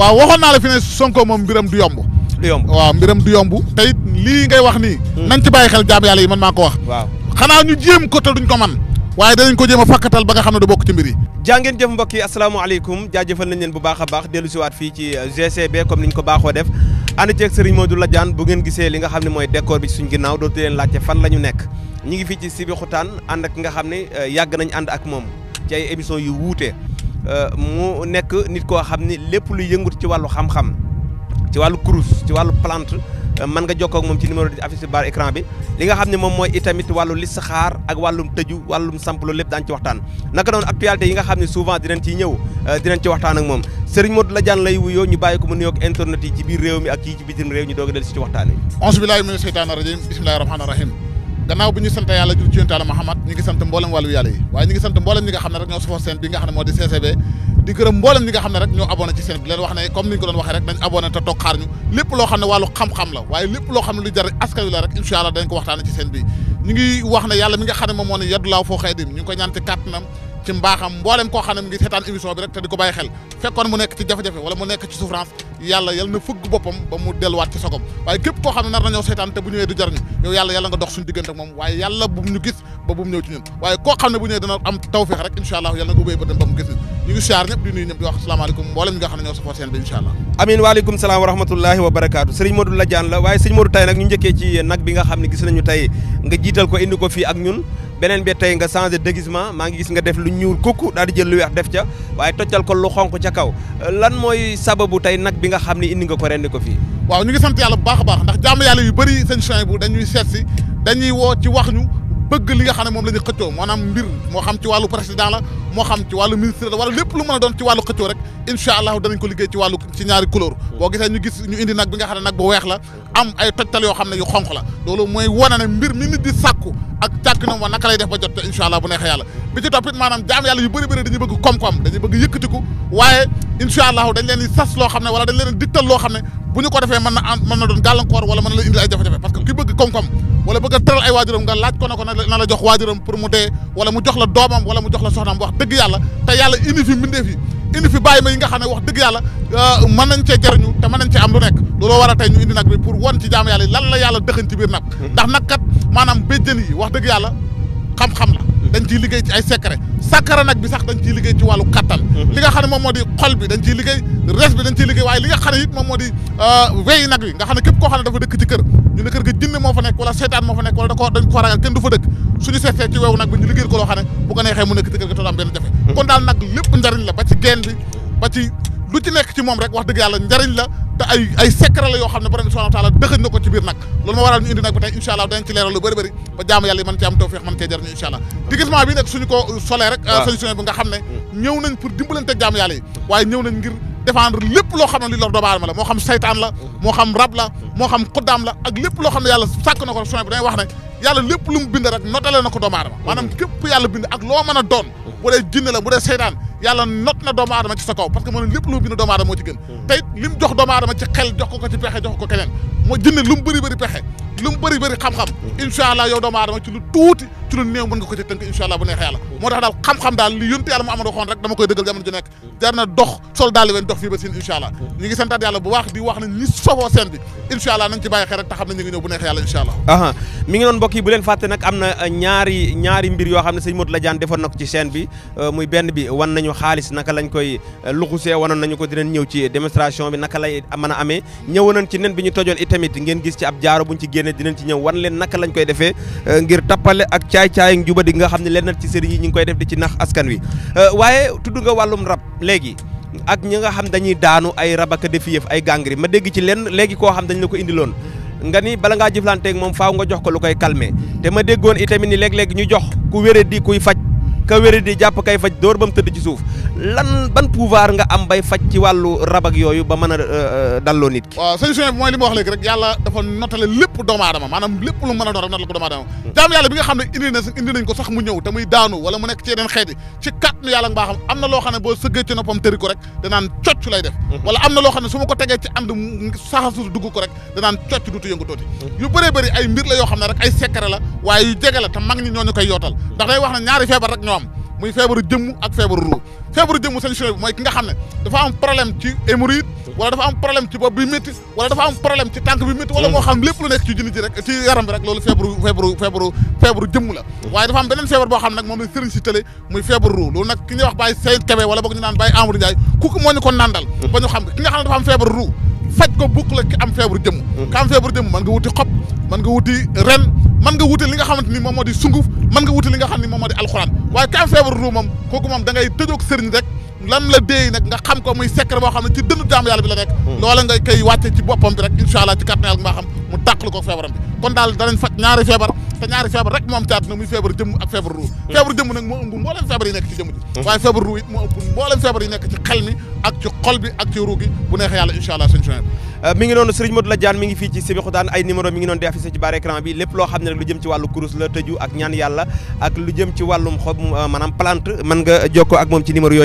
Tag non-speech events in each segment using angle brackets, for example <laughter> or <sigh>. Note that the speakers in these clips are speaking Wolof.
waaw waxoon naa la fi ne Sonko moom mbiram du yomb. du yomb waaw mbiram du yomb. te lii ngay wax nii. Hmm. nañ ci bàyyi xel jaam yàlla yi man maa ko wax. waaw xanaa ñu jéem ko te duñ ko man waaye danañ ko jéem a fakkatal ba nga xam ne du bokk ci mbir yi. jàngeen yi asalaamaaleykum jaajëfal nañ leen bu baax a baax dellu si waat fii ci euh, GCB comme niñ ko baaxoo def ànd ceeg Serigne Modou Ladiane bu ngeen gisee li nga xam ne mooy décor bi suñ ginnaaw dootu leen laajte fan la ñu nekk ñu ngi fii ci Sébikotane ànd ak nga xam ne euh, yàgg nañ ànd ak moom ay émission yu wuute Euh, mu nekk nit koo xam ni lépp lu yëngut ci wàllu xam-xam ci wàllu kurus ci wàllu plante euh, mën nga jokkoo moom ci numéro di affiche bar écran bi li nga xam ne moom mooy itamit wàllu listixaar ak wàllum tëju wàllum samp loolu lépp daañu ci waxtaan naka noonu actualité yi nga xam ne souvent dinañ ciy ñëw euh, dinañ ci waxtaan ak moom Serigne Modou Ladiane lay wuyoo ñu bàyyi ko mu nuyoog internet yi ci biir réew mi ak yi ci bitim réew ñu doog a ci waxtaan yi. gannaaw bu ñu sant yàlla jul ci yonent yàlla Muhammad ñu ngi sant mboolem wàllu yàlla yi waaye ñu ngi seen bi nga xam ne seen bi leen ñu ko doon waxee rek nañ abonné te toog xaar ñu lépp loo xam ne wàllu xam-xam la waaye lépp loo xam ne lu jar askan la rek incha allah dañ ko ci seen bi ñu ngi wax ne yàlla mi nga xam moom moo ne yaddulaaw foo xëy ñu ngi ko ñaan ci kàttanam ci mbaaxam mboolem koo xam ne mi ngi seetaan émission yàlla yal na fëgg boppam ba mu delluwaat ci sogom waaye képp koo xam ne nar nañoo seytaan te bu ñëwee du jar ñu yow yàlla nga dox suñu diggante moom waaye yàlla bu ñu gis ba bu mu ñëw ci ñun waaye koo xam ne bu ñëwee dana am tawféex rek incha allah yàlla nga ubbeey ba dem ba mu gis ñu ngi siyaar ñëpp di nuyu ñëpp di wax asalaamaaleykum mboolem ñi nga xam ne ñoo safoo seen bi incha allah amin waaleykum salaam wa wa barakaatu sëriñ la waaye sëriñ Modou tey nag ñu njëkkee ci nag bi nga xam ko indi ko fii ak ñun beneen bi tey nga changé déguisement maa ngi gis nga def lu ñuul kukk daal di jël lu weex def ca waaye toccal ko lu xonk ca kaw lan mooy sababu tey nag bi nga xam ni indi nga ko rendi ko fii waaw ñu ngi sant bu baax a baax ndax yàlla yu bëri seen chien bu seet si dañuy woo ci wax ñu bëgg li nga xam ne moom la ñu xëccoo maanaam mbir moo xam ci wàllu président la moo xam ci wàllu ministre la wala lépp lu mën a doon ci wàllu xëccoo rek incha allah danañ ko liggéey ci wàllu ci ñaari couleur boo gisee ñu gis ñu indi nag bi nga xam ne nag bu weex la am ay tojtal yoo xam ne yu xonq la loolu mooy wane mbir mi nit di sàkku ak càkk wa naka lay def ba jot te incha allah bu neexee yàlla bi ci toppit maanaam jaam yàlla yu bëri bëri bëgg koom-koom dañuy bëgg yëkkatiku waaye incha allah dañ leen di sas loo xam ne wala dañ leen digtal loo xam ne bu ñu ko defee mën na am mën na doon wala na la ay jafe-jafe parce que ki bëgg koom-koom wala bëgg a tëral ay waajuram nga laaj ko na na la jox waajuram pour mu dee wala mu jox la doomam la soxnaam wax dëgg yàlla te yàlla indi fi mbindeef yi indi fi looloo war a tey ñu indi nag bi pour won ci jaam yàlla yi lan la yàlla dëxañ ci biir nag hmm. ndax nag maanaam béjjën yi wax dëgg yàlla xam-xam la hmm. dañ ciy liggéey ci ay secret sàkkara nag bi sax dañ ciy liggéey ci wàllu kattan hmm. li nga xam moom moo di xol bi dañ ciy liggéey res bi moo di euh, wey nag wi nga xam ne dafa dëkk ci kër ñu ne kër jinne moo fa nekk wala seetaan moo fa nekk wala da ko dañ ko ragal kenn du fa dëkk suñu seetee ci weewu nag bi ñu liggéey ko loo xam ne neexee mu nekk ci kër ga te benn jafe kon daal nag lépp njariñ la ba ci geen lu ci nekk ci moom rek wax dëgg yàlla njariñ la te ay ay secret la yoo xam ne borom bi subhanahu wa taala dëxëj na ko ci biir nag loolu ma waral ñu indi nag ba tey incha allah dañ am tawfiix nga xam ne mm. ñëw nañ pour dimbalante jaamu yàlla yi waaye ñëw nañ ngir défendre lépp loo xam ne li lor doomu aadama la moo xam saytaan la mm. moo xam rab la moo xam xuddaam la ak lépp loo xam ne yàlla sàkk na ko soin bi dañ wax ne yàlla lépp lu mu bind rek notale na ko doomu aadama mm-hmm. maanaam képp yàlla bind ak loo mën a doon mm-hmm. bu jinne la bu dee seytaan yàlla not na doomu ci sa kaw parce que maanaam lépp lu mu bind doomu aadama moo ci gën te it li mu jox doomu aadama ci xel jox ko ko moo jinne lu mu bëri bëri pexe lu mu bëri bëri xam-xam incha allah yow doomu aadama ci tuuti ci lu néew mën nga ci tënk incha allah bu neexee moo tax daal xam-xam daal li yunti yàlla mu amado xoon rek dama koy dëggal jamono ju nekk jar dox sol daal dox fii siin incha allah ñu ngi santaat yàlla bu baax di wax ne ñi sofoo seen bi incha allah nañ ngi noon mbokk bu leen fàtte nag am na ñaari mbir yoo xam ne sëñ euh, muy benn bi wan nañu xaalis naka lañ koy euh, luxusee wanoon a ne dinañ ci ñëw wan leen naka lañ koy defee euh, ngir tappale ak caay-caay ak njubadi nga xam ne lenn ci sëriñ yi ñu ngi koy def di ci nax askan wi euh, waaye tudd nga wàllum rab léegi ak ña nga xam dañuy daanu ay rab ak defi ay gàngri ma dégg ci lenn léegi koo xam dañ la ko indiloon nga ni bala ngaa jëflanteeg moom faaw nga jox ko lu koy calmer te ma déggoon itamit ni léeg-léeg ñu jox ku wéré di kuy faj ka wéri di jàpp kay faj dóor ba mu tëdd ci suuf lan ban pouvoir nga am bay faj ci wàllu rab yooyu ba mën a euh, euh, waaw sëñ mooy li wax léegi rek yàlla dafa notale lépp doomu maanaam lépp lu mën a rek notale ko doomu hmm. jaam yàlla bi xam ne indi ko sax mu ñëw te daanu wala mu nekk ci yeneen xeeti ci kàttanu yàlla mbaaxam am na loo xam ne boo sëggee ci noppam tëri hmm. dugg ko rek danaan cocc dutu yëngu tooti hmm. yu bëree bëri ay muy feebaru jëmm ak feebaru ruu feebaru jëmm seen chirurgie bi mooy ki nga xam ne dafa am problème ci hémorroïde wala dafa am problème ci bopp bi métti wala dafa am problème ci tànk bi métti wala moo xam lépp lu nekk ci junni ji rek ci yaram bi rek loolu feebaru feebaru la waaye dafa am beneen feebar boo xam ne nag moom la sëriñ si tële muy feebaru ruu loolu nag ki ñuy wax Baye Seydou Kébé wala boog ñu naan Baye Amadou Ndiaye kooku moo ñu ko nandal ba ñu xam ki nga xam ne dafa am feebaru ruu faj ko man nga wuti ren man nga wuti li nga xamante ni moom moo di sunguf man nga wuti li nga xam ni moom moo di alxuraan waaye kaam feebar ruu moom kooku moom da ngay tëjoog sëriñ rek lan la déey nag nga xam ko muy secret boo xam ne ci dënnu jaam yàlla bi la nekk hmm. loola nga koy wàcce ci boppam bi rek incha allah ci kàttan yàlla nga xam dàqlu ko feebaram bi kon daal danañ faj ñaari feebar te ñaari feebar rek moom ci àdduna muy feebar jëmm ak feebar ruu feebar jëmm nag moo ëmb mbooleem feebar yi nekk ci jëmm ak ci xol ak ci ruu bu neexee yàlla incha allah sëñ Chouaib euh, mi ngi noonu Serigne Modou Ladiane mi ngi fii ci Sébikotane ay numéro mi ngi noonu di affiché ci bar écran bi lépp loo xam ne rek lu jëm ci wàllu kurus la tëju ak ñaan yàlla ak lu jëm ci wàllum xob euh, maanaam plante mën nga jokkoo ak moom ci numéro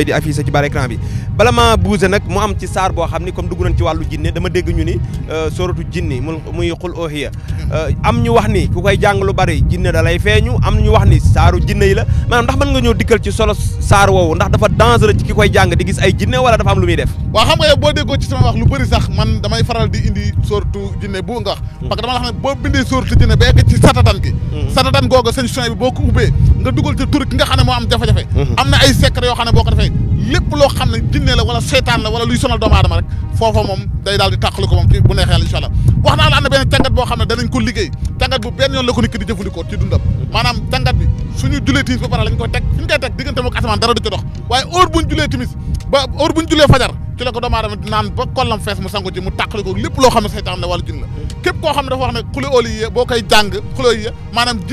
oohiya eh, am ñu wax ni ku koy jàng lu bari jinne da lay feeñu am ñu wax ni saaru jinne yi la maanaam ndax mën nga ñëw dikkal ci solo saar woowu ndax dafa dangereux ci ki koy jàng di gis ay jinne wala dafa am lu muy def waaw xam nga yow boo déggoo ci sama wax lu bëri sax man damay faral di indi sortu jinne bu nga wax hmm. parce que boo bindee sortu jinne ba yegg ci satatan gi hmm. satatan googu seen chemin bi boo ko ubbee nga dugal ci tur ki nga xam ne moo am jafe-jafe hmm. na ay secret yoo xam ne boo ko lépp loo xam ne jinne la wala seytaan la wala luy sonal doomu aadama rek foofa moom day daal di tàqalu moom neexee incha allah wax naa la am ne danañ ko liggéey càngat bu benn yoon la ko nit ki di jëfandikoo ci dundam maanaam càngat bi suñu julee timis ba pare lañ koy teg suñu koy teg diggante mook asamaan ci la ko doomu aadama naan ba kollam fees mu sangu ci mu tàqali ko lépp loo xam ne seytaan la wala jinn la mm. képp koo xam ne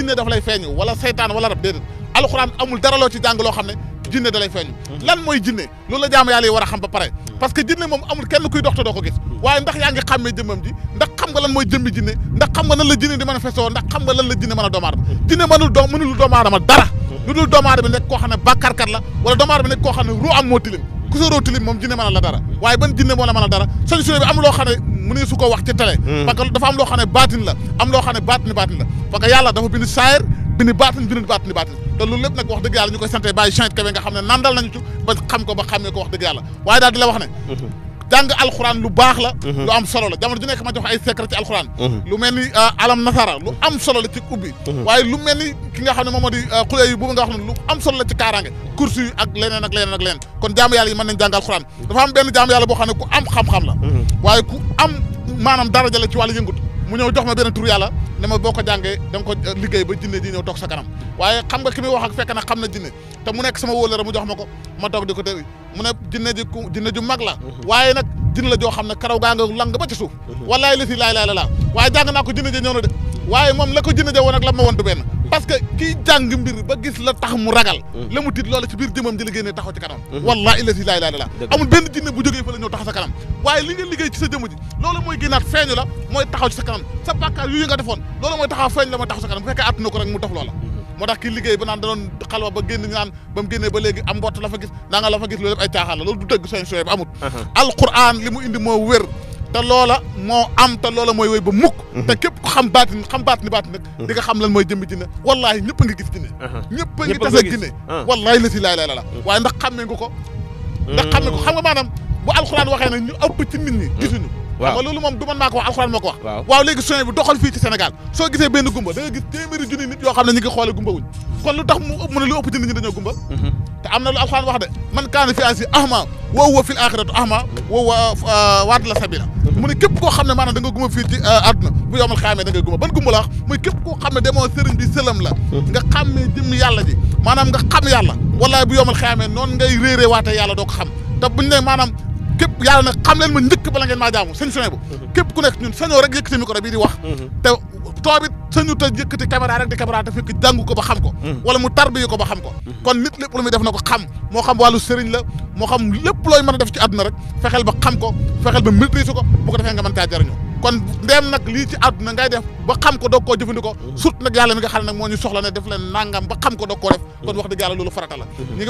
dafa wax ne wala seytaan wala loo ci jàng loo xam ne jinne da mm-hmm. mooy jinne loolu la a xam ba pare mm. parce que moom amul kenn kuy dox te doo ko gis mm. waaye ndax yaa ngi xàmmee lan mooy jëmmi jinne ndax xam nga la jinne di manifesté woo ndax xam nga lan la jinne a doomu aadama jinne mënul doom mënul doomu aadama dara lu dul doomu nekk koo xam ne bàkkaarkat la wala am moo tilim ku soroo tilim moom jinne mënal la dara waaye ban jinne moo la mënal dara sëñ Suhaybu bi am loo xam ne su ko wax ci télé hmm. dafa am loo xam baatin la am loo xam baatin baatin la parce yàlla dafa bind saayir bind baatin bind baatin baatin te loolu lépp nag wax dëgg yàlla ñu koy sante bàyyi chant kawe nga xam ne nandal nañu ba xam ko ba xàmmee ko wax dëgg yàlla waaye daal di wax ne hmm. jàng alxuraan lu baax la. Mhm. lu am solo la jamono ju nekk ma jox ay secret ci alxuraan. Mhm. lu mel euh, alam nasara lu am solo la ci ubbi. Mhm. waaye lu mel ni ki nga xam ne euh, nga xam ne lu am solo la ci kaaraange. course ak leneen ak leneen ak leneen kon jaamu yàlla yi mën nañ jàng alxuraan dafa am benn jaamu yàlla boo ku am xam-xam la. waaye ku am. maanaam dara jële ci wàllu yëngut mu ñëw jox ma benn tur yàlla ne ma boo ko jàngee da euh, liggéey ba jinne ji ñëw toog sa kanam waaye xam nga ki muy wax ak fekk na xam na jinne te mu nekk sama wóolare mu jox ma ko ma toog di ko tëri mu ne jinne ji mag la mhm. waaye nag jinne la joo xam ne karaw gaa nga lang ba ci su mhm. wallaay li si laay laay la laa waaye jàng naa ko jinne ji ñëw na de waaye moom la ko jënd ja woon ak la ma woon du benn kii jàng mbir ba gis la tax mu ragal mm. la mu tiit loola ci biir jëmam ji la génnee taxaw ci kanam mm-hmm. wallaahi la si laa ilaaha illallaah amul benn jinne bu jógee fa la ñëw taxaw sa kanam waaye li nga liggéey ci sa jëmm ji loolu mooy génnaat feeñu la mooy taxaw sa kanam bu fekkee àttuna ko rek mu def loola mm-hmm. moo tax kii liggéey ba naan da xalwa ba génn naan ba mu génnee ba léegi am mbott la fa gis te loola moo am te loola mooy woy ba mukk mhm. te képp ku xam baat xam baat ni baati nag mhm. nga xam lan mooy jëmmi jinne wallaahi ñëpp a ngi gis jinne ñëpp a ngi tase jinne ah. wallaahi la si laay laay la mhm. waaye ndax xammee nga ko ndax mm. xammee ko xam nga maanaam bu alxuraan waxee ne ñu ëpp ci nit ñi mm. gisuñu waaw xam loolu moom du man maa ko wax alxuraan moo ko wax waaw léegi soin bi doxal fii ci Sénégal soo gisee benn gumba da gis téeméeri junni nit yoo xam ne ñu ngi xoole gumba wuñ kon lu tax mu ëpp mu ne lu ëpp ci ñi dañoo gumba mhm. te am na lu alxuraan wax de man kaana fi asi ahma wa huwa fil axiratu ahma wa huwa ah, waadla sabila mhm. mu ne képp koo xam ne maanaam da nga gumba fii ci ah, na bu yomal xaamee da gumba ban gumba la wax muy koo xam ne demoo sëriñ bi la mhm. nga yàlla maanaam nga xam yàlla wallaay bu yomal xaamee noonu ngay réeree waatee yàlla doo ko xam ne maanaam képp yàlla nag xam leen ma njëkk bala ngeen maa jaamu sëñ Souhaïbou mhm. képp ku nekk ñun sañoo rek yëkkati micro bii di wax mhm. toobit sañu ta yëkkati caméra rek di caméra te fekk jàngu ko ba xam ko mhm. wala mu tarbiyu ko ba xam ko kon nit lépp lu muy def a def ci àdduna rek fexeel ba xam ko fexeel ba maîtriser ko bu defee nga mën caa kon ndeem nag lii ci àdduna ngay def ba xam ko doog koo jëfandikoo surtout nag yàlla mi nga xam ne nag soxla ne def leen ko doog koo def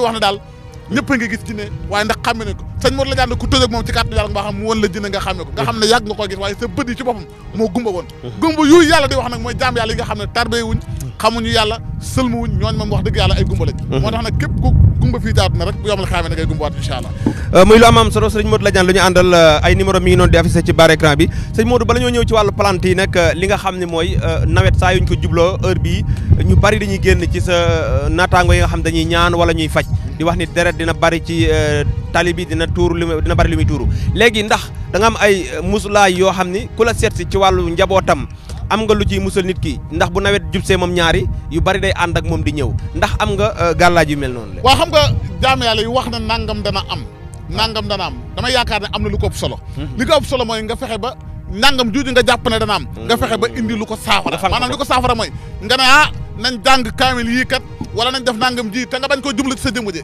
kon ñëpp a gis jinne waaye ndax xàmme nañ ko sëñ Mor la jaan ku tëjee ak moom ci kàttan yàlla nga xam mu woon la jinne nga xàmme ko nga xam ne yàgg nga mhm. mooy ne tarbee wuñ xamuñu yàlla sëlmu wax dëgg yàlla ay gumba mhm. na rek bu yomal xaamee na ngay gumbawaat incha allah euh, muy lu am am solo sëñ Modou Ladiane lu ñu àndal euh, ay numéro mi ngi noonu di affiché ci barre euh, li nga xam ne mooy nawet saa yuñ ko jubloo heure bii ñu bari dañuy génn ci sa naataango yi nga xam dañuy ñaan wala ñuy faj di wax ni deret dina bari ci euh, tuuru li dina bari li léegi ndax da nga am ay euh, musulaay yoo xam ni ku la seet si ci wàllu njabootam am nga lu ciy musal nit ki ndax bu nawet jubsee moom ñaari yu bari day ànd ak moom di ñëw ndax am nga euh, gàllaaj yu mel noonu le waaw xam nga jaam yàlla yu wax na nangam dana am. nangam dana am damay yaakaar ne am na lu ko ëpp solo. Mhm. li ko ëpp solo mooy nga fexe ba nangam juuju nga jàpp ne dana am. nga fexe ba indi lu ko saafara. maanaam lu ko saafara mooy nga ne ah nañ jàng kaamil wala nañ def nangam ji te bañ koy jublu ci seen jëmm ji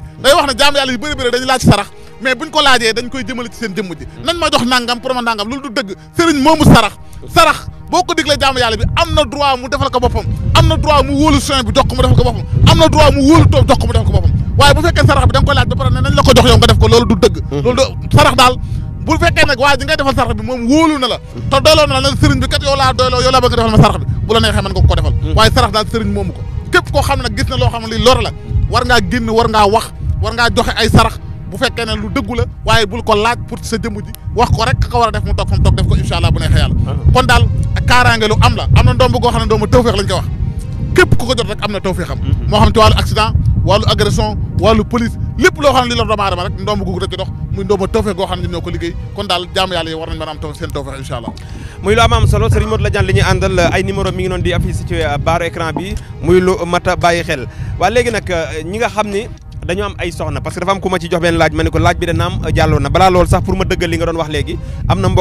mm. nañ ma jox nangam pour ma nangam loolu du dëgg sëriñ moomu sarax sarax boo ko diglee jaamu yàlla bi am na droit mu defal ko boppam am na droit mu wóolu soin bi jox mu defal ko boppam am na droit mu wóolu toog jox mu defal ko boppam waaye bu fekkee sarax bi da koy laaj ba pare nañ la ko jox yow def ko loolu du dëgg mm. loolu du sarax daal bu fekkee nag waa ji defal sarax bi moom na la mm. te na la sëriñ bi kat yow laa doyloo yow laa bëgg nga defal ma sarax bi ko képp koo xam ne gis na loo xam ne li lor la war ngaa génn war ngaa wax war ngaa joxe ay sarax bu fekkee ne lu dëggu la waaye bul ko laaj pour sa jëmm ji wax ko rek ka war a def mu toog fa mu def ko incha allah bu neexee yàlla ah. kon daal kaaraange lu am la am na ndomb goo xam ne ndomb tawféex lañ koy wax képp ku ko jot rek am na tawféexam mm-hmm. moo xam ci wàllu accident wàllu agression wàllu police lépp loo xam ne li lor doomu rek ndomb googu da ci muy ndooma tawfeex goo xam ne ñoo ko liggéey kon daal jaam yàlla yi war nañ mën a am tawfeex seen tawfeex incha allah muy lu am solo Serigne Modou Ladiane li ñuy àndal ay numéro mi ngi noonu di affiché ci a bàyyi xel waa léegi ci jox benn mu ba mu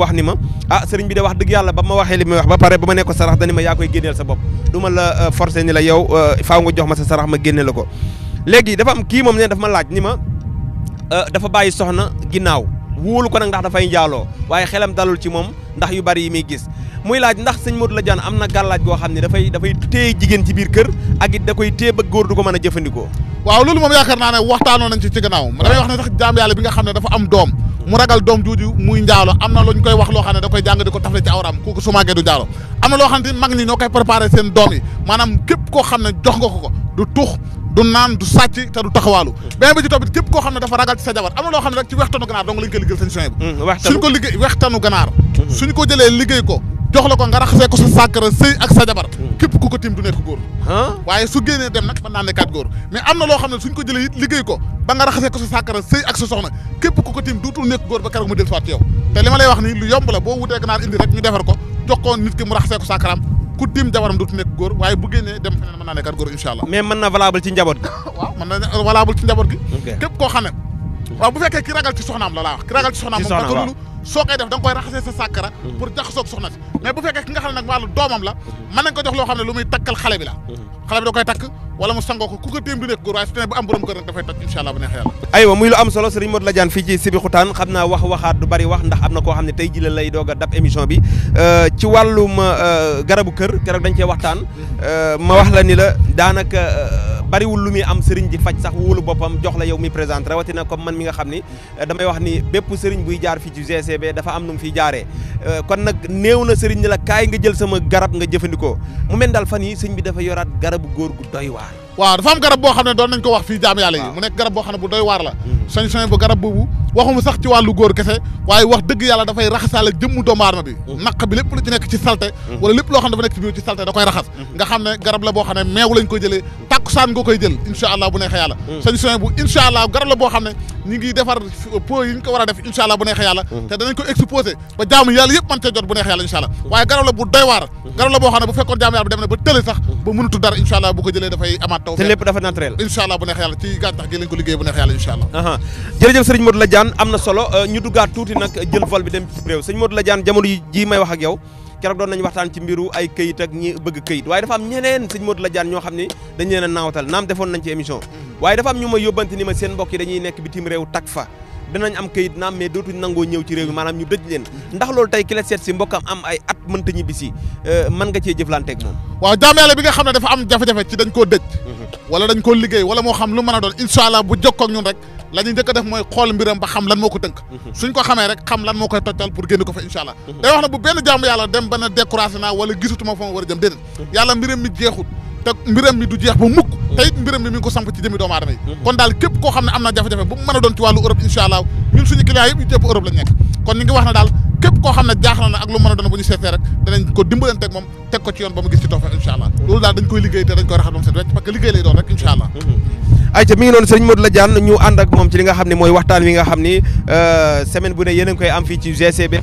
wax ni ma ah sëriñ bi de wax dëgg yàlla ba ma waxee li may wax ba pare ba ma ne sarax dani ma yaa koy génneel sa bopp du la euh, forcé ni la yow euh, faaw nga jox ma sa sarax ma génne la ko léegi dafa am kii moom ne dafa ma laaj ni ma Euh, dafa bàyyi soxna ginnaaw woolu ko nag ndax dafay njaaloo waaye xelam dalul ci moom ndax yu bari yi muy gis muy laaj ndax sëñ la jaan am na gàllaaj goo xam ne dafay dafay téye jigéen ci biir kër ak it da koy téye ba góor du mën a jëfandikoo waaw loolu moom yaakaar naa ne waxtaanoo nañ ci ci gannaaw damay wax ne sax nga xam ne dafa am doom mu ragal doom jooju muy njaalo am na lu koy wax loo xam ne da koy ko tafle ci awram kooku su màggee du njaalo am na loo xam ne mag ñoo koy préparé seen doom yi maanaam képp koo xam ne jox nga ko ko du tux du naan du sàcc te du taxawaalu beneen bi ci topp képp koo xam ne dafa ragal ci sa jabar am na loo xam ne nag ci wextanu ganaar dong mm, suñ ko liggéey wextanu mm-hmm. ko jëlee liggéey ko jox ko nga raxasee ko sa sàkkara sëy ak sa jabar mm. képp ku ko tiim du nekk góor su génnee dem nag mën naa am na loo xam jëlee liggéey ko ba nga raxasee ko sa sàkkara sëy ak ku ko tiim duutul nekk góor ba te li wax nii lu yomb la boo wutee ganaar indi rek ñu defar ko jox ko nit ki mu raxasee ko sàkkaram ku tiim jabaram dootu nekk góor waaye bu dem feneen mën naa nekkaat góor incha allah. mais mën na valable ci njaboot gi. <laughs> waaw mën na waaw bu fekkee ki ragal ci soxnaam la wax ki ragal ci soxnaam moom soo koy def da raxasee sa sàkkara mhm. pour jaxasoog soxna si bu fekkee ki nga xam ne nag doomam la mhm. mën nañ ko jox loo xam ne lu muy takkal xale bi xale bi da koy takk wala mu sangoo ko ku ko téem du nekk góor waaye aywa muy lu am solo Serigne Modou Ladiane fii ci Sébikotane xam naa wax waxaat bari wax ndax am na koo xam ne tey ji la lay doog a dab émission bi euh, ci wàllum euh, garabu kër keroog dañ cee waxtaan euh, ma wax la ni la daanaka bariwul lu muy am sëriñ di faj sax wóolu boppam jox la yow mi présente rawatina comme man mi nga xam ni euh, damay wax ni bépp sëriñ buy jaar fii ci GCB dafa am nu mu fiy jaaree euh, kon nag néew na sëriñ ni la kaay nga jël sama garab nga jëfandikoo mu mel daal fan yi sëñ bi dafa yoraat garabu góor gu doy waar waaw dafa am garab boo xam ne doon nañ ko wax fii jaam yàlla yi mu nekk garab boo xam ne bu doy waar la hmm. soñ soñ bu garab boobu waxuma sax ci wàllu góor kese waaye wax dëgg yàlla dafay raxasaale jëmmu doomu aadama bi hmm. naq bi lépp lu hmm. lépp loo xam ne dafa nekk ci biir garab la boo xam ne meew ko jëlee saan nga koy jël incha allah bu neexee yàlla hmm. sëñ Souhaïbou bu incha allah garab la boo xam ne ñu ngi defar po yi ñu ko war a def incha allah bu neexee yàlla hmm. te danañ ko hmm. la bu doy waar garab la boo xam ne bu fekkoon jaamu yàlla na ba tële sax ba mënutu dara ko jëlee dafay amaat te lépp dafa bu neexee yàlla ci gàncax gi lañ ko liggéey bu neexee am na solo euh, ñu duggaat tuuti nag jël vol dem ci réew sëriñ Modou Ladiane jamono ji may wax yow keroog doon nañu waxtaan ci mbiru ay këyit ak ñi bëgg këyit waaye dafa am ñeneen sëñ Modou la jaan ñoo xam ne dañ leen a naawatal naam defoon nañ ci émission mhm. waaye dafa am ñu ma yóbbante ni ma seen mbokk yi dañuy nekk bitim réew tak fa danañ am këyit nangoo ñëw ci réew maanaam ñu dëj leen mhm. ndax loolu tey ki seet si mbokkam am ay at mënta ñibbi bisi euh, mën nga cee jëflanteeg moom waaw jaameela bi nga xam ne dafa am jafe-jafe ci dañ koo dëj mhm. wala dañ koo liggéey wala moo xam lu mën a doon incha allah bu jokkoo ak ñun rek la ñuy njëkk a def mooy xool mbiram ba xam lan moo ko tënk mhm. suñ ko xamee rek xam lan moo koy tojtal pour génn ko fa incha allah mhm. day wax na bu benn jàmm yàlla dem ba na naa wala gisutuma fa ma war a jëm mhm. yàlla mbiram mi jeexul te mbiram mi du jeex ba mukk te it mbiram mi mi ko samp ci jëmi doomu yi kon daal képp koo xam ne am na jafe-jafe bu mu a doon ci wàllu Europe incha allah suñu client yëpp yu jëpp Europe lañ nekk kon ñu képp koo xam ne jaaxal na ak lu mën a doon bu ñu seetee rek danañ ko dimbalante ak moom teg ko ci yoon ba mu gis ci toofe incha allah mm-hmm. loolu daal dañ koy liggéey te dañ koy raxas ba mu set wecc parce mm-hmm. ni euh, semaine bu ne a ngi koy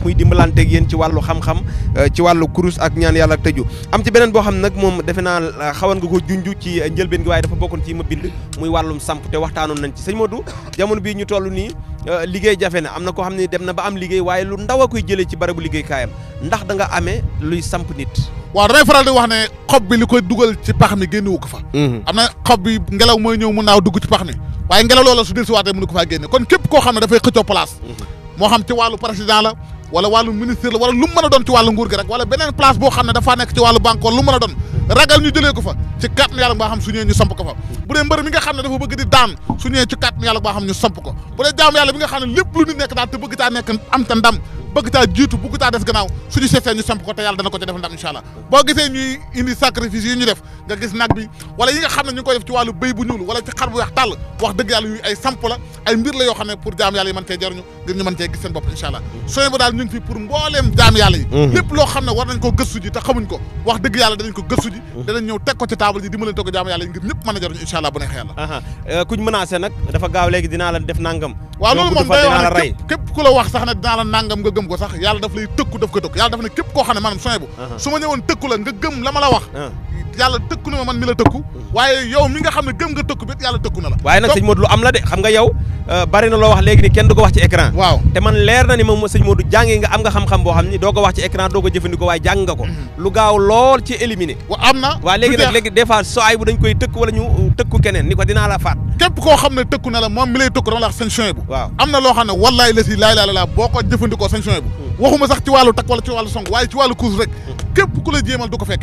muy dimbalante ak yéen ci wàllu xam-xam euh, ci wàllu kurus ak ñaan yàlla tëju am ci beneen boo xam ne nag moom defe naa euh, xawan nga ko junj ci njëlbeen gi waaye dafa bokkoon ci ma bind muy wàllum samp te waxtaanoon nañ ci sëriñ Modou jamono bii ñu toll nii Euh, liggéey jafe na am na koo xam ne dem na ba am liggéey waaye lu ndaw a koy jëlee ci barabu liggéey kaayam ndax da nga amee luy samp nit waaw damay faral di wax ne xob bi li koy dugal ci pax mi génnewu ko fa mhm. am na xob bi ngelaw mooy ñëw mun naaw dugg ci pax mi waaye ngelaw loola su del si waatee mënu ko faa génne kon képp koo xam ne dafay xëccoo place mhm. moo xam ci wàllu président la wala wàllu ministre la wala lu mu a doon ci wàllu nguur gi rek wala nekk ci wàllu banque wala lu mën a doon ragal ñu jëlee ko fa ci kàttan yàlla baa xam ñu samp ko fa bu dee mbër mi nga xam ne dafa bëgg di daan su ñëwee ci kàttan yàlla baa xam ñu samp ko bu dee jaam yàlla bi nga xam nekk daal te nekk am te ndam bëgg taa jiitu bëgg taa des gannaaw suñu sefee ñu samp ko te yàlla dana ko ca defal ndam incha allah boo gisee ñuy indi sacrifice yi ñu def nga gis nag bi wala yi nga xam ne ñu ngi koy def ci wàllu béy bu ñuul wala bu weex tàll wax mën mm-hmm. mm-hmm. loo xam ne war nañ ko gëstu ji te xamuñ mm-hmm. a jaruñu incha allah bu neexee yàlla euh, kuñ menacé nag dafa gaaw léegi dinaa la def nangam waaw loolu moom day wax ne képp ku la wax sax ne dinaa la nangam nga gëm ko sax yàlla daf lay tëkku daf ko tëkk yàlla daf na képp koo xam ne maanaam bu uh-huh. su ma ñëwoon tëkku la nga gëm la ma la wax uh-huh. yàlla tëkku na ma man mi la tëkku waaye yow mi nga xam ne gëm nga tëkku bi yàlla tëkku na la waaye nag sëñ Modou lu am la de xam nga yow euh, bari loo wax léegi ni kenn du wax ci écran te man leer na ni moom sëñ Modou jàngi nga am nga xam-xam boo xam ni doo ko wax ci écran doo ko waaye jàng nga ko mm-hmm. lu gaaw lool ci éliminer waaw am na léegi nag soo ay bu dañ koy tëkk wala ñu euh, tëkku keneen ni ko dinaa la faat képp koo xam ne tëkku la moom mi lay tëkku dama la ne mm. mm. la si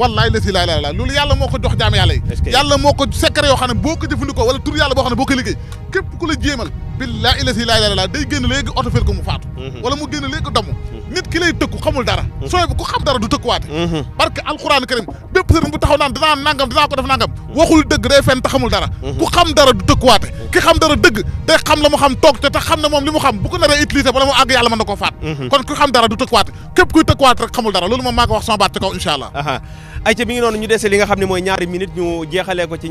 wallaay la si laay laay loolu yàlla moo ko jox jaam yàlla yi yàlla moo ko secret yoo xam boo ko jëfandikoo wala tur yàlla boo xam boo ko liggéey képp ku la jéemal billaahi la si laay laay day génn léegi oto fël ko mu faatu mhm. wala mu génn léegi damm nit ki lay tëkku xamul dara. Mm-hmm. sooy bu ku xam dara du tëkkuwaate. parce mm-hmm. que alxuraan karim bépp sëriñ bu taxaw naan dinaa nangam dinaa ko def nangam. waxul dëgg day fenn te xamul dara. Mm-hmm. ku xam dara du tëkkuwaate. ki xam dara dëgg day xam la mu xam toog te te xam ne moom li mu xam bu ko naree utiliser bala mu àgg yàlla mën na koo faat. kon ku xam dara du tëkkuwaate képp kuy tëkkuwaate rek xamul dara loolu moom maa wax sama ci kaw incha allah. ayca ci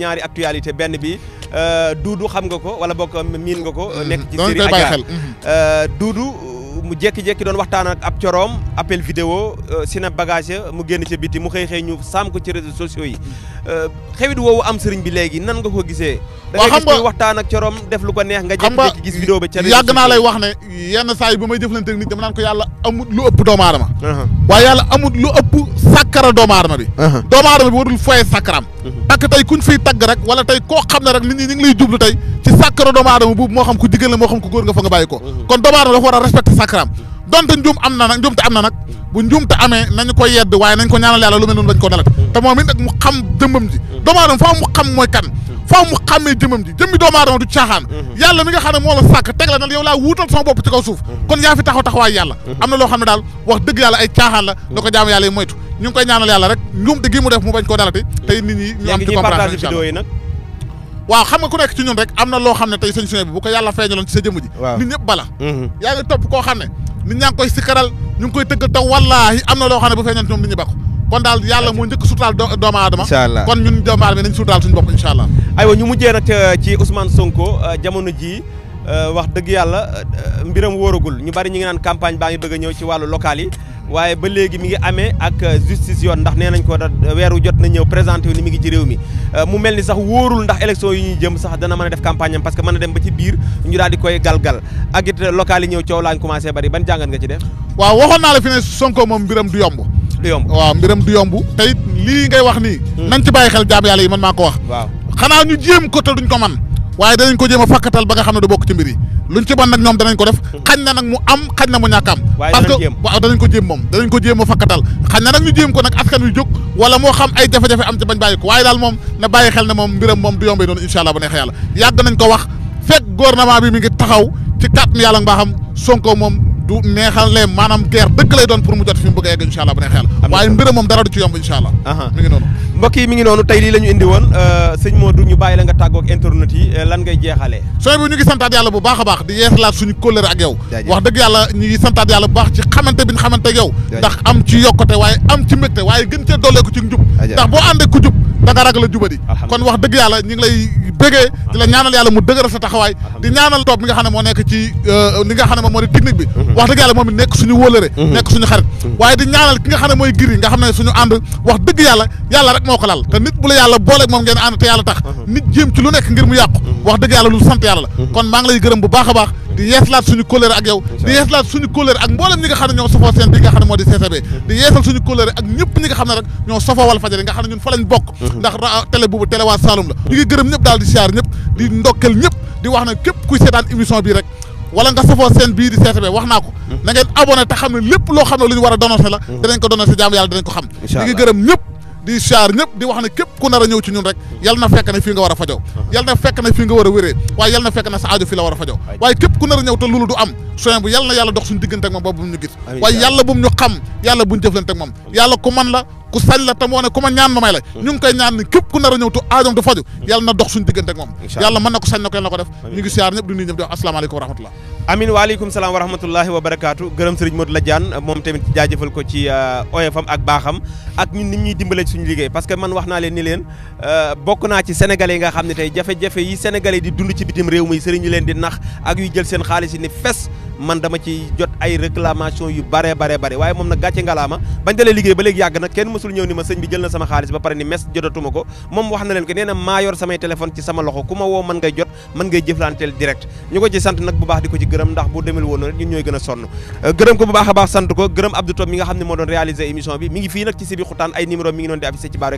ñaari mu jékki-jékki doon waxtaan ak ab coroom appel vidéo euh, si na bagage mu génn ca biti mu xëy xëy ñu saam ko ci réseaux sociaux yi euh, xewit woowu am sëriñ bi léegi nan nga ko gisee da ngay gis waxtaan ak coroom def lu ko neex nga jékki-jékki gis vidéo ba ca naa lay wax ne yenn saa yi ba may jëflante ak nit dama naan ko yàlla amul lu ëpp doomu waaye yàlla amul lu ëpp sàkkara doomu aadama bi doomu aadama bi warul foye sàkkaram mhm. ak tey kuñ fiy tagg rek wala tey ko xam ne rek nit ñi ñu ngi lay jublu tey ci moo xam ku jigéen la moo xam ku góor nga fa nga bàyyi ko mhm. kon doomu aadama dafa war a respecter sàkkaram na nag njuum na ko yedd waaye nañ ko ñaanal mhm. xam kan faaw mu xàmmee jëmam ji jëmmi doomu aadama mi nga xam ne moo la sàkk teg la na yow laa wuutal sama bopp ci am ne daal wax dëgg yàlla ay caaxaan la da ko jaam yàlla moytu ñu ngi koy ñaanal yàlla rek njuumte gi mu def mu bañ koo dalati tey nit ñi ñu am ci comprendre incha allah waaw xam nga ku nekk ci ñun rek am na loo xam ne tey sëñ Suhaybu bi bu ko yàlla feeñaloon ci sa jëmm ji nit mhm. xam ne nit ñaa ngi koy ñu ngi koy tëgg taw wallaahi am na loo xam ne bu feeñoon ci moom nit ñi bakku kon daal yàlla moo njëkk sutaal doomu aadama kon ñun doomu aadama nañ sutaal suñu bopp incha allah aywa ñu mujjee nag euh, ci Ousmane Sonko euh, jamono ji euh, wax dëgg yàlla mbiram wóoragul ñu bari ñu ngi naan campagne baa ngi bëgg ñëw ci wàllu local yi waaye ba léegi mi ngi amee ak euh, justice yoon ndax nee nañ ko euh, weeru jot na ñëw présenté wu ni mi ngi ci réew mi euh, mu mel ni sax wóorul ndax élection yi ñu jëm sax dana mën a def campagne am parce que mën a dem ba ci biir ñu daal di koy galgal ak it local yi ñëw coow laañ commencé bari ban jàngat nga ci def waaw waxoon naa la ne Sonko moom mbiram du yomb du yomb waaw mbiram du yomb te lii ngay wax nii hmm. nañ ci bàyyi xel jaam yàlla yi man maa ko wax waaw xanaa ñu jéem ko te duñ man waaye danañ ko jéem a ba nga xam ne du bokk ci mbir lu ci mën nag ñoom danañ ko def mm-hmm. xañ na nag mu am xañ na mu ñàkk am parce que waaw danañ ko jéem moom danañ ko jéem a fakkatal xañ na nag ñu jéem ko nag askan wi jóg wala moo xam ay jafe-jafe am ci bañ bàyyi ko waaye daal moom na bàyyi xel ne moom mbiram moom du yombee noonu incha allah bu neexee yàlla yàgg nañ ko wax fekk gouvernement bi mi ngi taxaw ci kàttanu yàlla mbaaxam Sonko moom du neexal leen maanaam teer dëgg lay doon pour mu jot suñu mu bëgg a yegg incha allah bu ne waaye mbiram moom dara du ci yomb incha allah mi ngi noonu mbokk yi mi ngi noonu tey lii la indi woon euh, sëñ Modou ñu bàyyi la nga tàggoog internet yi euh, lan ngay jeexalee sooy bu ñu ngi santaat yàlla bu baax a baax di yeesalaat suñu kóllëre ak yow wax dëgg yàlla ñu ngi santaat yàlla bu baax ci xamante bi ñu xamante ak yow ndax am ci yokkute waaye am ci mbégte waaye gën cee dooleeku ci njub danga ragal a jubadi kon wax dëgg yàlla ñu ngi lay bëggee di la ñaanal yàlla mu dëgëral sa taxawaay di ñaanal toog mi nga xam ne moo nekk ci euh, li nga xam ne moom moo di technique bi mhm. wax dëgg yàlla moom nekk suñu wóolëre mhm. nekk suñu xarit mhm. waaye di ñaanal ki nga xam ne mooy giri nga xam ne suñu ànd wax dëgg yàlla yàlla rek moo ko lal te nit bu la yàlla booleeg moom ngeen ànd te yàlla tax nit jéem ci lu nekk ngir mu yàqu wax dëgg yàlla lu sant yàlla la kon maa ngi lay gërëm bu baax a di yeeslaat suñu colère ak yow di yeeslaat suñu colère ak mboolem ñi xam ne ñoo safoo seen bi nga xam ne moo di CCB di yeesal suñu colère ak ñëpp ñi xam ne rek ñoo safoo Walfadjri nga xam ne ñun fa lañ bokk mm-hmm. ndax télé boobu télé waa Saloum la ñu gërëm ñëpp daal di siyaar ñëpp di ndokkel ñëpp di wax ne képp kuy seetaan émission bii rek wala nga safoo seen bii di CCB wax naa ko mm-hmm. na ngeen abonné te xam ne lépp loo xam ne lu ñu di siyaar ñëpp di wax ne képp ku nar a ñëw ci ñun rek yal na fii nga war a fajoo yal na fii nga war a wéree waaye yal na fekk ne sa aajo la war a waaye képp ku nar a ñëw te loolu du am soin bu yal na yàlla dox suñu diggante ak moom ñu gis waaye yàlla bu ñu xam yàlla bu ñu jëflante ak moom yàlla la ku sañ la tam moo ne a ma ñaan ma may la ñu ngi koy ñaan ni képp ku nar a ñëw tu aajom du faju yàlla na dox suñu diggante ak moom yàlla mën na ko sañ na ko def ñu ngi siyaar ñëpp du nuyu amin waaleykum salaam wa wa barakaatu gërëm sëriñ Modou Ladiane moom tamit jaajëfal ko ci euh, oyofam ak baaxam ak ñun nit ñuy dimbale suñu liggéey parce que man wax naa leen ni leen euh, bokk naa ci sénégalais yi nga xam ne tey jafe-jafe yi sénégalais di dund ci bitim réew muy sëriñ yi leen di nax ak yuy jël seen xaalis yi ni man dama ci jot ay réclamation yu bare bare bare waaye moom nag gàcce ngalaama bañ dalee liggéey ba léegi yàgg na kenn mësul ñëw ni ma sëñ bi jël na sama xaalis ba pare ni mes jotatuma ko moom wax na leen ko nee na maa yor samay téléphone ci sama loxo ku ma woo mën ngay jot mën ngay jëflanteel direct ñu ko ci sant nag bu baax di ko ci gërëm ndax bu demel woon rek ñun ñooy gën a sonn euh, gërëm ko bu ko gërëm Abdou nga xam ne moo doon réaliser émission bi mi ngi fii nag ci Sibi Xutaan ay numéro mi ngi noon di affiché ci baaru